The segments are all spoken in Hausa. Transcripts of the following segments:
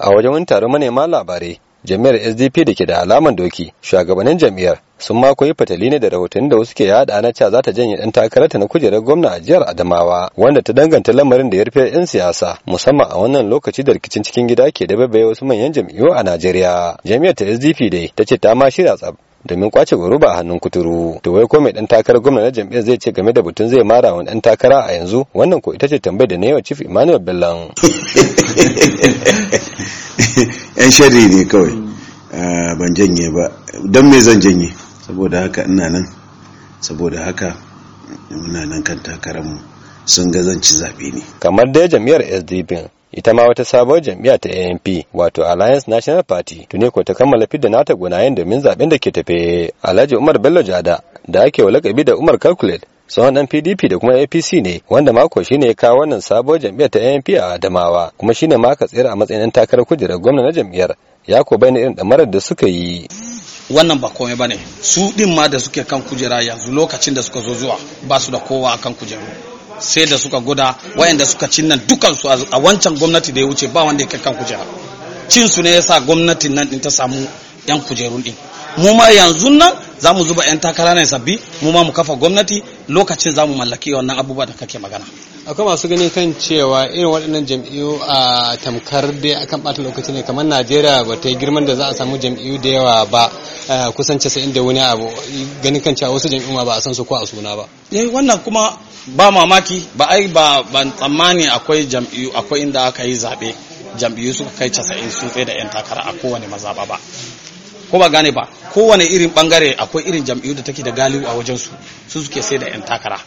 a wajen wani taron manema labarai jami'ar sdp da ke da alaman doki shugabannin jami'ar sun ma koyi fatali ne da rahotanni da wasu ke yada na cewa za ta janye dan ta na kujerar gwamna a jihar adamawa wanda ta danganta lamarin da 'yarfe yan siyasa musamman a wannan lokaci da rikicin cikin gida ke da babbaye wasu manyan jam'iyyu a najeriya jami'ar ta sdp dai ta ce ta ma shirya tsab domin kwace goro a hannun kuturu to wai ko mai dan takarar gwamna na jam'iyyar zai ce game da butun zai mara wani dan takara a yanzu wannan ko ita ce tambayar da na yi wa chief emmanuel bellan yan shari ne kawai ah, ban janye ba don me zan janye saboda haka ina nan saboda haka muna nan kan takararmu sun ga zan ci zaɓe ne kamar dai jam'iyyar sdp ita ma wata sabuwar jam'iyya ta amp wato Alliance National Party tuni ko ta kammala fidda nata gunayen domin zaben da ke tafe Alhaji Umar Bello Jada da ake wa lakabi da Umar Calculate sauran ɗan pdp da kuma apc ne wanda mako shine ya kawo wannan sabon jam'iyyar ta anp a adamawa kuma shine ma ka tsira a matsayin ɗan takarar kujerar gwamna na jam'iyyar ya ko bayyana irin damarar da suka yi wannan ba komai bane su din ma da suke kan kujera yanzu lokacin da suka zo zuwa ba su da kowa akan kujeru sai da suka gwada wayanda suka cin nan dukansu a wancan gwamnati da ya wuce ba wanda ya kan kujera cin su ne yasa gwamnatin nan din ta samu yan kujerun din mu ma yanzu nan za mu zuba 'yan takara ne sabbi mu ma mu kafa gwamnati lokacin za mu mallaki wannan abubuwa da kake magana akwai masu gani kan cewa irin waɗannan jam'iyyu a tamkar dai akan ɓata lokaci ne kamar najeriya ba ta yi girman da za a samu jam'iyyu da yawa ba eh, kusan casa'in da wani abu ganin kan cewa wasu jam'iyyu ma ba a san su ko a suna ba eh wannan kuma ba mamaki ba ai ba ban tsammani akwai jam'iyyu akwai inda aka yi zaɓe jam'iyyu suka kai casa'in sun tsaye da 'yan takara a kowane mazaba ba ko ba gane ba kowane irin bangare akwai irin jam'iyyu da take da galibi a wajen su su suke sai da yan takara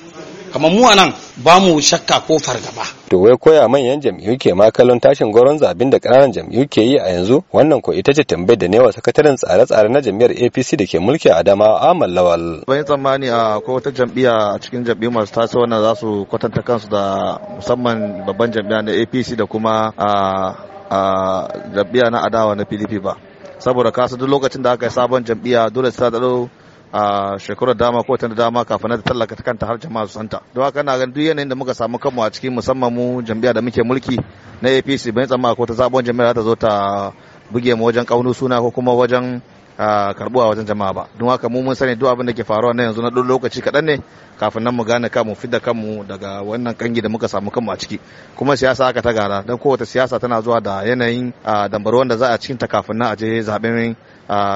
kamar mu anan ba mu shakka ko fargaba to wai koya manyan jam'iyyu ke ma kallon tashin goron zabin da ƙananan jam'iyyu ke yi a yanzu wannan ko ita ce tambayar da newa sakataren tsare-tsare na jam'iyyar APC da ke mulki a Adamawa Ahmad Lawal ban yi tsammani a ko wata jam'iyya a cikin jam'iyyu masu taso wannan za su kwatanta kansu da musamman babban jam'iyya na APC da kuma a jam'iyya na adawa na PDP ba saboda kasu duk lokacin da aka yi sabon jam'iyya dole ta dalo a shekarar dama ko ta dama kafin ta tallaka ta kanta har jama'a su santa don haka na ganin duk yanayin da muka samu kanmu a cikin musamman mu jam'iyya da muke mulki na APC bai tsamma ko ta sabon jam'iyya za ta zo ta buge mu wajen kaunu suna ko kuma wajen karbuwa wajen jama'a ba don haka mu mun sani duk abin da ke faruwa na yanzu na ɗan lokaci kaɗan ne kafin nan mu gane kanmu fidda kanmu daga wannan kangi da muka samu kanmu a ciki kuma siyasa aka ta gara don kowace siyasa tana zuwa da yanayin dambar wanda za a cikin ta kafin nan a je zaben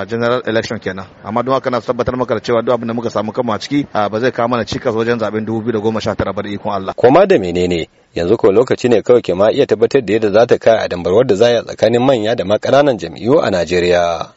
general election kenan amma don haka na tabbatar maka da cewa duk abin da muka samu kanmu a ciki ba zai kawo mana cikas wajen zaben 2019 ba da ikon Allah koma da menene yanzu ko lokaci ne kawai ke ma iya tabbatar da yadda za ta kai a dambarwar da za a tsakanin manya da ma ƙananan jam'iyyu a Najeriya